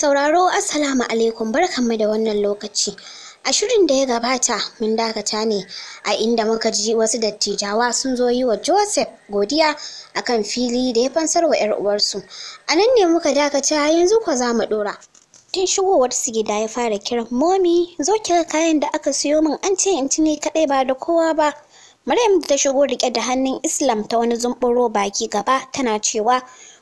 sauraro Assalamu alaikum barkanmu da wannan lokaci. A shirin da ya gabata mun dakata ne a inda muka ji wasu dattijawa sun zo yi wa Joseph godiya akan fili da ya fansar wa 'yar uwarsu. A nan ne muka dakata yanzu kwa za mu ɗora. Tun shigowar su gida ya fara kiran momi zo kira kayan da aka siyo min an ce in ci ne kaɗai ba da kowa ba. Maryam ta shigo rike da hannun Islam ta wani zumburo baki gaba tana cewa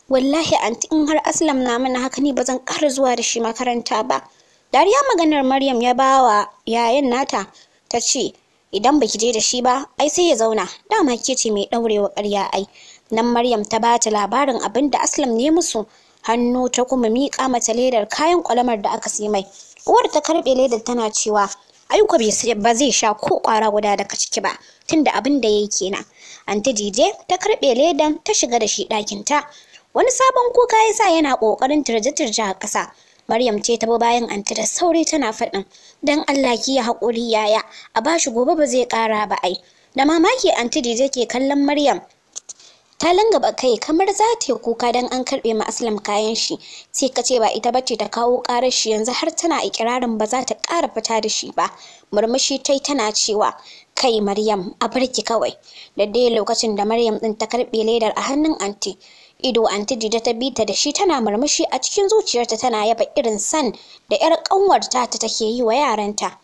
wallahi anti in har aslam na mana haka ne bazan zan ƙara zuwa da shi makaranta ba dariya maganar maryam ya bawa yayan nata ta ce idan baki je da shi ba ai sai ya zauna dama ke ce mai ɗaurewa ƙarya ai nan maryam ta ba ta labarin abin da aslam ne musu hannu ta kuma miƙa mata ledar kayan kwalamar da aka sai mai uwar ta karɓe ledar tana cewa aiko ba zai sha ko ƙwara guda daga ciki ba tunda abin da yayi kenan anti jije ta karɓe ledan ta shiga da shi ɗakin ta Wani sabon kuka ya sa yana ƙoƙarin turje-turje a ƙasa. Maryam ce ta bayan anti da sauri tana faɗin, "Dan Allah ki ya haƙuri yaya, a bashi gobe ba zai ƙara ba ai." Da mamaki anti da ke kallon Maryam, ta ba kai kamar za ta yi kuka don an karɓe ma aslam kayan shi sai ka ba ita bace ta kawo ƙarar shi yanzu har tana ikirarin ba za ta ƙara fita da shi ba murmushi tai tana cewa kai maryam a barki kawai da dai lokacin da maryam ɗin ta karɓe ledar a hannun anti Ido anti Dida ta bita da shi tana murmushi a cikin zuciyarta tana yaba irin san da ‘yar ƙanwarta ta take yi wa yaranta.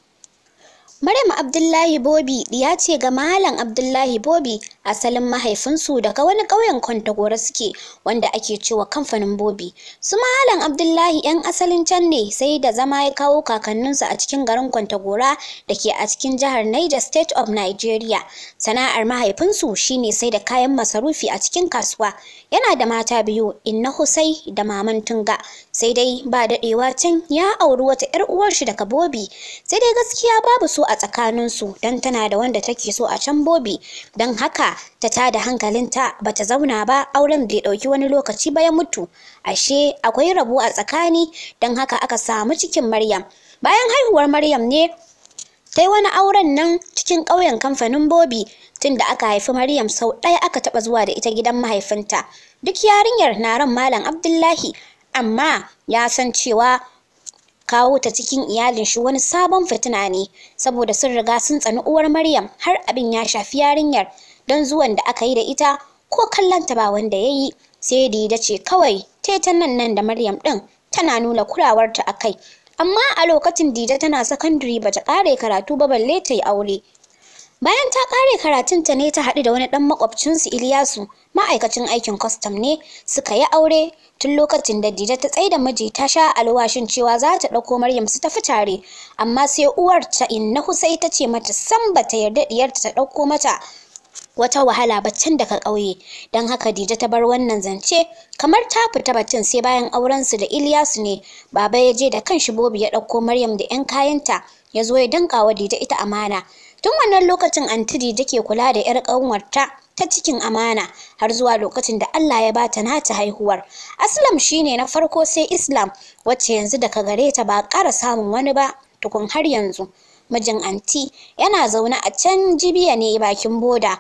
Maryam Abdullahi Bobi ya ce ga Malam Abdullahi Bobi asalin mahaifinsu daga wani ƙauyen Kwantagora suke wanda ake cewa kamfanin Bobi. Su Malam Abdullahi 'yan asalin can ne sai da zama ya kawo kakanninsu a cikin garin Kwantagora da ke a cikin jihar Niger State of Nigeria. Sana'ar mahaifinsu shi ne sai da kayan masarufi a cikin kasuwa. Yana da mata biyu, Inna Husai da Maman Tunga. Sai dai ba daɗewa can ya auri wata 'yar uwarshi daga Bobi. Sai dai gaskiya babu su a a tsakanin su dan tana da wanda take so a can bobi don haka ta tada hankalinta ba ta zauna ba auren bai dauki wani lokaci ba ya mutu ashe akwai rabo a tsakani don haka aka samu cikin maryam bayan haihuwar maryam ne tai wani auren nan cikin ƙauyen kamfanin bobi tunda aka haifi maryam sau ɗaya aka taɓa zuwa da ita gidan mahaifinta duk yarinyar na ran malam abdullahi amma ya san cewa kawo ta cikin iyalin shi wani sabon fitina ne saboda sun riga sun tsani uwar Maryam har abin ya shafi yarinyar don zuwan da aka yi da ita ko kallonta ba wanda ya yi sai Dida ce kawai taitan nan nan da Maryam din tana nuna kurawarta a kai amma a lokacin Dida tana sakandare bata ƙare karatu ba balle ta yi aure Bayan ta ƙare karatunta ne ta haɗu da wani ɗan makwabcinsu Iliyasu, ma'aikacin aikin kwastam ne, suka yi aure tun lokacin da Dija ta tsaida miji ta sha alwashin cewa za ta ɗauko Maryam su tafi tare, amma sai uwar ta inna Husai ta ce mata san ba ta yarda ɗiyarta ta ɗauko mata wata wahala baccin daga ƙauye don haka Dija ta bar wannan zance kamar ta fita baccin sai bayan aurensu da Iliyasu ne baba ya je da kan shi Bobi ya ɗauko Maryam da 'yan kayanta ya zo ya dankawa wa Dija ita amana Tun wannan lokacin Antidi take kula da 'yar ƙanwarta ta cikin amana har zuwa lokacin da Allah ya bata nata haihuwar. Aslam shine na farko sai Islam wacce yanzu daga gare ta ba ƙara samun wani ba tukun har yanzu. Mijin anti yana zaune a can jibiya ne bakin boda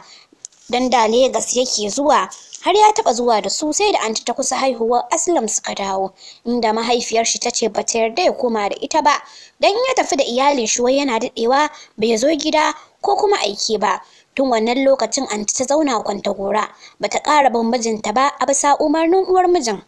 don da Legas yake zuwa har ya taɓa zuwa da su sai da anti ta kusa haihuwar aslam suka dawo inda mahaifiyar shi ta ce ba ta yarda ya koma da ita ba dan ya tafi da iyalin shi wai yana daɗewa bai zo gida ko kuma aiki ba tun wannan lokacin anti ta zauna kwanta gora bata ƙara bin mijinta ba a bisa umarnin uwar mijin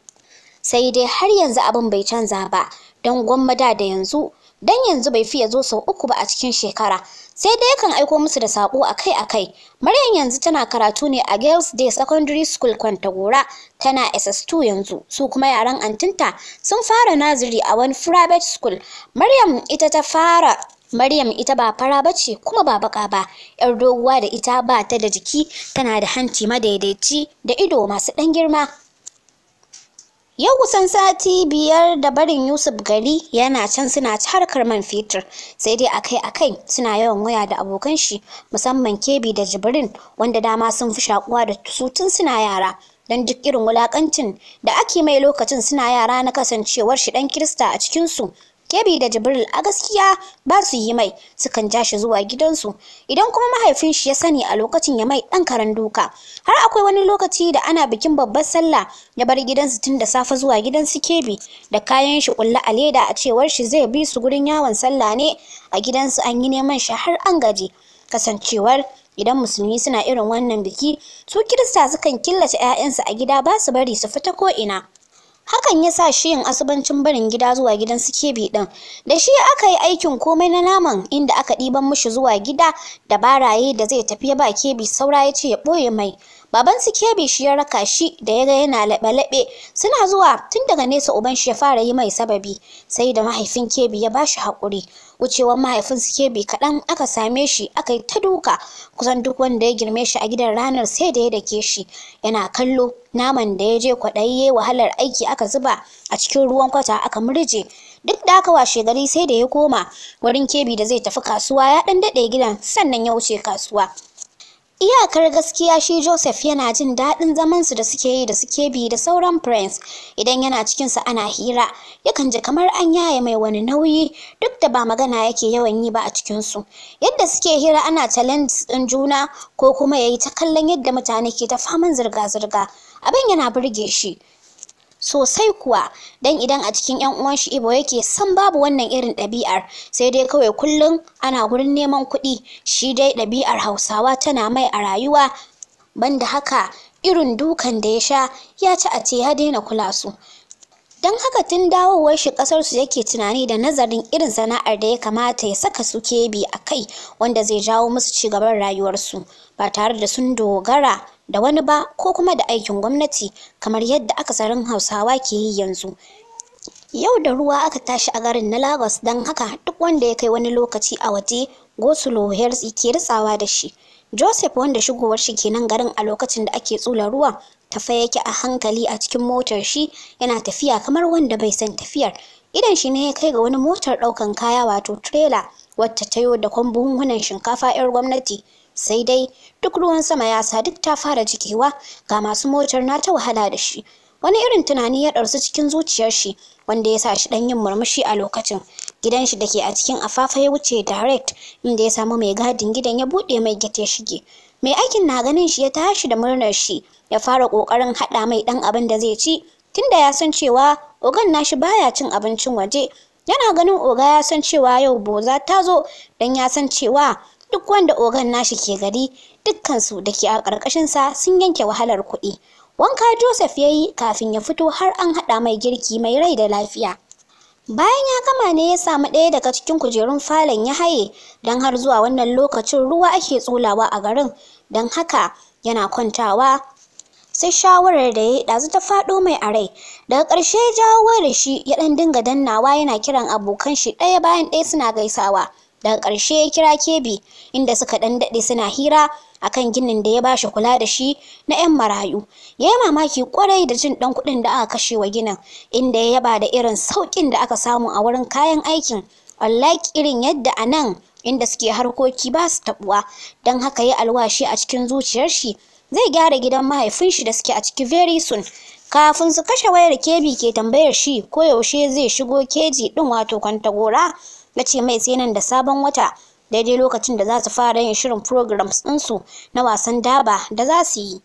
sai dai har yanzu abin bai canza ba don gwamma da yanzu dan yanzu bai fiye zo sau uku ba a cikin shekara sai dai yakan aiko musu da sako akai-akai Maryam yanzu tana karatu ne a Girls Day Secondary School Kwantagora tana SS2 yanzu su kuma yaran antinta sun fara naziri a wani private school Maryam ita ta fara Maryam ita ba fara ba ce kuma ba baka ba, ‘yar doguwa da ita ba ta da jiki, tana da hanci madaidaici da ido masu ɗan girma, Yau kusan sati biyar da barin Yusuf gari yana can suna ci harkar man fetur, sai dai akai-akai suna yawan waya da abokan shi musamman Kebi da Jibrin wanda dama sun fi shakuwa da su tun suna yara. Don duk irin wulakancin da ake mai lokacin suna yara na kasancewar shi ɗan Kirista a cikinsu Kebi da Jibril a gaskiya ba su yi mai sukan ja shi zuwa gidansu idan kuma mahaifin shi ya sani a lokacin ya mai ɗan karen duka har akwai wani lokaci da ana bikin babbar sallah ya bar gidansu tun da safe zuwa gidan su Kebi da kayan shi kulla a leda a cewar shi zai bi su gurin yawon sallah ne a gidansu an yi neman shi har an gaji kasancewar idan musulmi suna irin wannan biki su kirista sukan killace 'ya'yansu a gida ba su bari su fita ko ina hakan ya sa shi yin asubancin barin gida zuwa gidan su kebi ɗin da shi aka yi aikin komai na naman inda aka ɗiban mushi zuwa gida da baraye da zai tafi ya ba kebi saura ya ce ya ɓoye mai baban su kebi shi ya raka shi da ya ga yana laɓe-laɓe suna zuwa tun daga nesa uban shi ya fara yi mai sababi sai da mahaifin kebi ya bashi haƙuri wucewar mahaifin su kebi kaɗan aka same shi aka yi ta duka kusan duk wanda ya girme shi a gidan ranar sai da ya dake shi yana kallo naman da ya je kwaɗayi wahalar aiki aka zuba a cikin ruwan kwata aka murje duk da aka washe gari sai da ya koma wurin kebi da zai tafi kasuwa ya ɗan daɗe gidan sannan ya wuce kasuwa Iyakar gaskiya shi Joseph yana jin daɗin zamansu da suke yi da suke bi da sauran Prince. Idan yana cikinsa ana hira, yakan ji kamar an yaye mai wani nauyi duk da ba magana yake yawan yi ba a cikinsu. Yadda suke hira ana challenge ɗin juna ko kuma ya yi ta kallon yadda mutane ke ta faman zirga-zirga. Abin yana burge shi. sosai kuwa dan idan a cikin yan uwan shi Ibo yake san babu wannan irin ɗabi'ar sai dai kawai kullun ana gurin neman kuɗi shi dai ɗabi'ar Hausawa tana mai a rayuwa banda haka irin dukan da ya sha ya ci a ce ya daina kula su don haka tun dawowar shi kasar su yake tunani da nazarin irin sana'ar da ya kamata ya saka su kebi a kai wanda zai jawo musu ci gaban rayuwarsu ba tare da sun dogara da wani ba ko kuma da aikin gwamnati kamar yadda aka akasarin hausawa ke yi yanzu yau da ruwa aka tashi a garin na lagos don haka duk wanda ya kai wani lokaci a waje gosulo ke ritsawa da shi joseph wanda shigowar shi kenan garin a lokacin da ake tsula ruwa tafe yake a hankali a cikin motar shi yana tafiya kamar wanda bai san tafiyar idan shi ne ya kai ga wani motar ɗaukan kaya wato trailer wacce ta yi da kwan buhunhunan shinkafa 'yar gwamnati sai dai duk ruwan sama ya sa duk ta fara jikewa ga masu motar na ta wahala da shi wani irin tunani ya ɗarsu cikin zuciyar shi wanda ya sa shi ɗan yin murmushi a lokacin gidan shi da ke a cikin afafa ya wuce direct inda ya samu mai gadin gidan ya buɗe mai gate shige mai aikin na ganin shi ya tashi da murnar shi ya fara kokarin hada mai dan abin da zai ci tunda ya san cewa ogan nashi baya cin abincin waje yana ganin oga ya san cewa yau boza ta zo dan ya san cewa duk wanda ogan nashi ke gari dukkansu da ke a sa sun yanke wahalar kuɗi wanka joseph yayi kafin ya fito har an haɗa mai girki mai rai da lafiya Bayan ya gama ne ya samu ɗaya daga cikin kujerun falon ya haye, don har zuwa wannan lokacin ruwa ake tsulawa a garin, don haka yana kwantawa. Sai shawarar da ya yi ɗazu ta faɗo mai a rai, daga ƙarshe ya jawo da shi ya ɗan dinga dannawa yana kiran abokan shi ɗaya bayan ɗaya suna gaisawa. Daga ƙarshe ya kira Kebi, inda suka ɗan daɗe suna hira akan ginin da ya ba shi kula da shi na 'yan marayu. Ya yi mamaki kwarai da jin ɗan kuɗin da aka kashe wa ginin, inda ya yaba da irin sauƙin da aka samu a wurin kayan aikin. Unlike irin yadda anan, inda suke harkoki ba su taɓuwa, don haka ya alwashi a cikin zuciyar shi zai gyara gidan mahaifin shi da suke a ciki very soon. Kafin su kashe wayar Kebi ke tambayar shi ko yaushe zai shigo keji ɗin wato kwantagora. na ce mai sai nan da sabon wata daidai lokacin da za su fara yin shirin programs ɗinsu na wasan daba da za su yi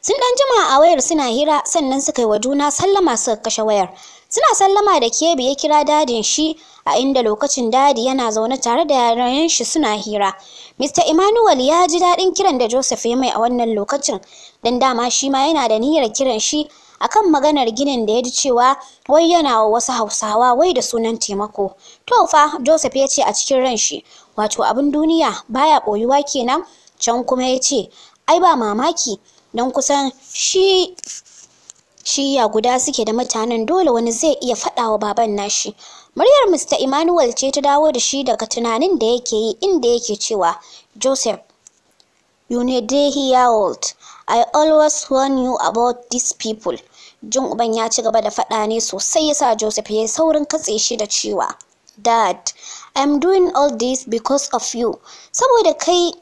sun ɗan jima a wayar suna hira sannan suka yi wa juna sallama suka kashe wayar suna sallama da ke ya kira dadin shi a inda lokacin dadi yana zaune tare da yaran shi suna hira Mr. Emmanuel ya ji daɗin kiran da Joseph ya mai a wannan lokacin don dama shi ma yana da niyyar kiran shi akan maganar ginin da ya ji cewa wai yana wa wasu hausawa wai da sunan taimako to fa joseph ya ce a cikin ran shi wato abin duniya baya ɓoyuwa kenan can kuma ya ce ai ba mamaki don kusan shi shiya guda suke da mutanen dole wani zai iya faɗawa wa baban nashi muryar mr emmanuel ce ta dawo da shi daga tunanin da yake yi inda yake cewa joseph Unidehia I always warn you about these people. Jin uban ya ci gaba da faɗa ne sosai yasa Joseph ya saurin katse shi da cewa, Dad, I'm doing all this because of you. Saboda kai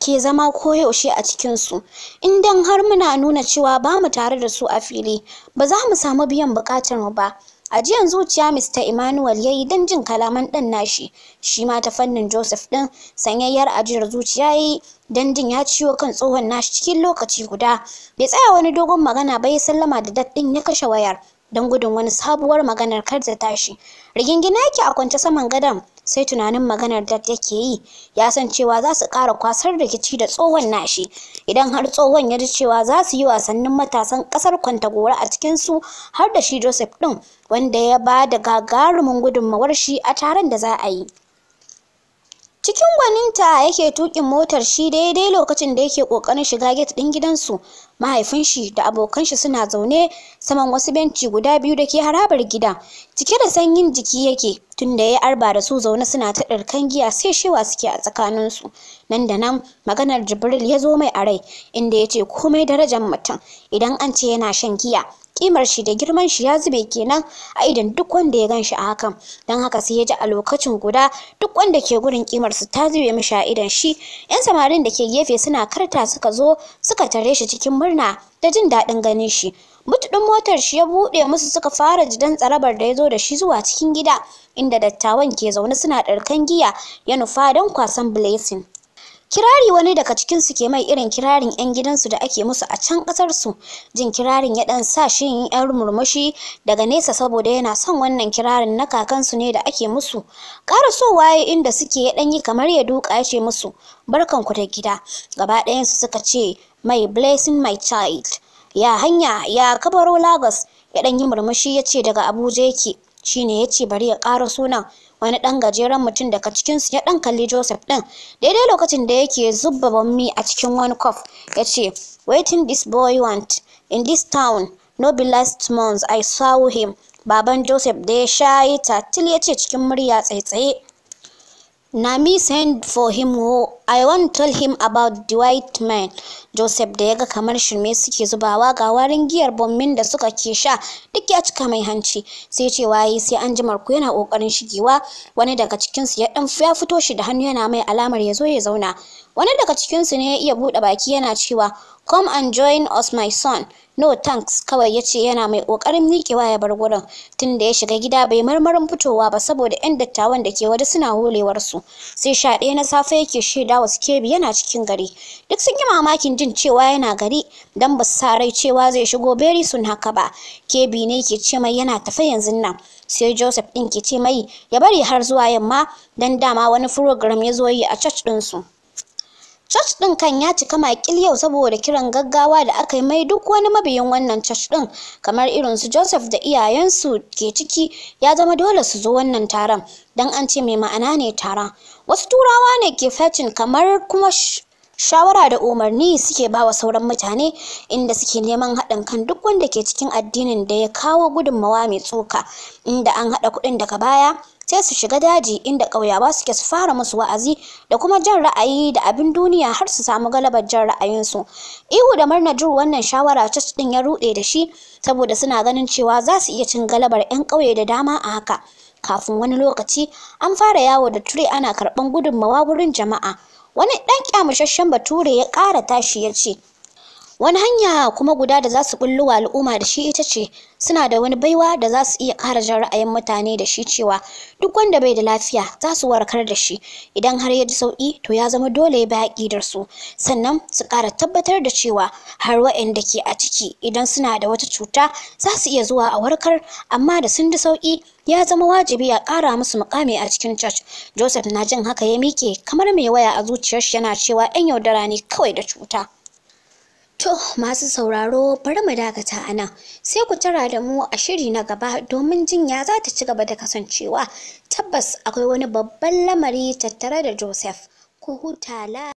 ke zama koyaushe a cikinsu, in dan har muna nuna cewa ba mu tare da su a fili, ba za mu samu biyan bukatar mu ba. Ajiyan zuciya Mr. Emmanuel ya yi don jin kalaman ɗan nashi, shi ma ta fannin Joseph ɗin sanyayyar ajiyar zuciya ya yi don jin ya ciwo kan tsohon nashi cikin lokaci guda. Bai tsaya wani dogon magana ba ya sallama da dad ya kashe wayar don gudun wani sabuwar maganar kar ta tashi. Rigingina yake a kwance saman gadon sai tunanin maganar da take yi ya san cewa za su ƙara kwasar rikici da tsohon nashi idan har tsohon ya ji cewa za su yi wasannin matasan ƙasar kwantagora a cikin su har da shi joseph ɗin wanda ya ba da gagarumin gudunmawar shi a taron da za a yi cikin gwaninta yake tukin motar shi daidai lokacin da yake ƙoƙarin shiga gate ɗin gidansu mahaifinshi da abokan shi suna zaune saman wasu benci guda biyu da ke harabar gida cike da sanyin jiki yake tun da ya arba da su zaune suna ta ɗarkan giya sai shewa suke a tsakaninsu nan da nan maganar jibril ya zo mai a rai inda ya ce komai darajar mutum idan an ce yana shan giya kimar shi da girman shi ya zube kenan a idan duk wanda ya ganshi a hakan don haka sai ya ji a lokacin guda duk wanda ke gurin kimar su ta zube mishi a idan shi yan samarin da ke gefe suna karta suka zo suka tare shi cikin murna da jin daɗin ganin shi mutuɗun motar shi ya buɗe musu suka fara jidan tsarabar da ya zo da shi zuwa cikin gida inda dattawan ke zaune suna ɗarkan giya ya nufa don kwasan blessing Kirari wani daga cikinsu ke mai irin kirarin 'yan gidansu da ake musu a can ƙasarsu. Jin kirarin ya ɗan sa shi yin 'yar murmushi daga nesa saboda yana son wannan kirarin na kakansu ne da ake musu. Ƙara so waye inda suke ya ɗan yi kamar ya duka ya ce musu, Barkanku da gida. Gaba ɗayansu suka ce, My blessing my child. Ya hanya, ya kabaro Lagos. Ya ɗan yi murmushi ya ce daga Abuja yake. shine ya ce bari ya ƙara sunan wani ɗan gajeren mutum daga cikinsu ya ɗan kalli joseph ɗin daidai lokacin da yake zubba bammi a cikin wani kwaf ya ce waiting this boy want in this town no be last month i saw him baban joseph da ya yi tatil ya ce cikin murya tsaitsaye Nami send for him who I want tell him about the white man. Joseph da ya ga kamar shirme suke zubawa ga warin giyar bommin da suka ke sha duk ya cika mai hanci sai ce waye sai an ji ku yana kokarin shigewa wani daga cikin su ya dan ya fito shi da hannu yana mai alamar ya zo ya zauna wani daga cikin su ne ya iya bude baki yana cewa Come and join us my son. No thanks kawai ya ce yana mai ƙoƙarin miƙewa ya bar gurin tun da ya shiga gida bai marmarin fitowa ba saboda 'yan dattawan da ke waje suna su sai sha ɗaya na safe yake shaida wasu kebi yana cikin gari duk sun yi mamakin jin cewa yana gari don ba su sa rai cewa zai shigo beri sun haka ba Kebi ne ke ce mai yana tafe yanzu nan sai Joseph ɗin ke ce mai ya bari har zuwa yamma don dama wani program ya zo yi a church ɗinsu. Church ɗin kan ya cika makil yau saboda kiran gaggawa da aka yi mai duk wani mabiyin wannan church ɗin kamar irin su Joseph da iyayensu ke ciki ya zama dole su zo wannan taron don an ce mai ma'ana ne taron. Wasu turawa ne ke fecin kamar kuma shawara da umarni suke bawa sauran mutane inda suke neman haɗin kan duk wanda ke cikin addinin da ya kawo gudunmawa mai tsoka inda an haɗa kuɗin daga baya sai su shiga daji inda ƙauyawa suke su fara musu wa'azi da kuma jan ra'ayi da abin duniya har su samu galabar jan ra'ayinsu ihu da murna jur wannan shawara church ɗin ya ruɗe da shi saboda suna ganin cewa za su iya cin galabar 'yan ƙauye da dama a haka kafin wani lokaci an fara yawo da ture ana karɓan gudunmawa wurin jama'a wani ɗan kyamusasshen bature ya ƙara tashi ya ce Wani hanya kuma guda da za su bulluwa al'umma da shi ita ce suna da wani baiwa da za su iya ƙara jan ra'ayin mutane da shi cewa duk wanda bai da lafiya za su warkar da shi idan har ya ji sauƙi to ya zama dole ya bi aƙidar su sannan su ƙara tabbatar da cewa har waɗanda ke a ciki idan suna da wata cuta za su iya zuwa a warkar amma da sun ji sauƙi ya zama wajibi a ƙara musu muƙami a cikin church joseph na jin haka ya miƙe kamar mai waya a zuciyar yana cewa 'yan yaudara ne kawai da cuta To masu sauraro bari mu dakata a nan sai ku tara da mu a shiri na gaba domin jinya za ta ci gaba da kasancewa tabbas akwai wani babban lamari tattare da Joseph ku huta la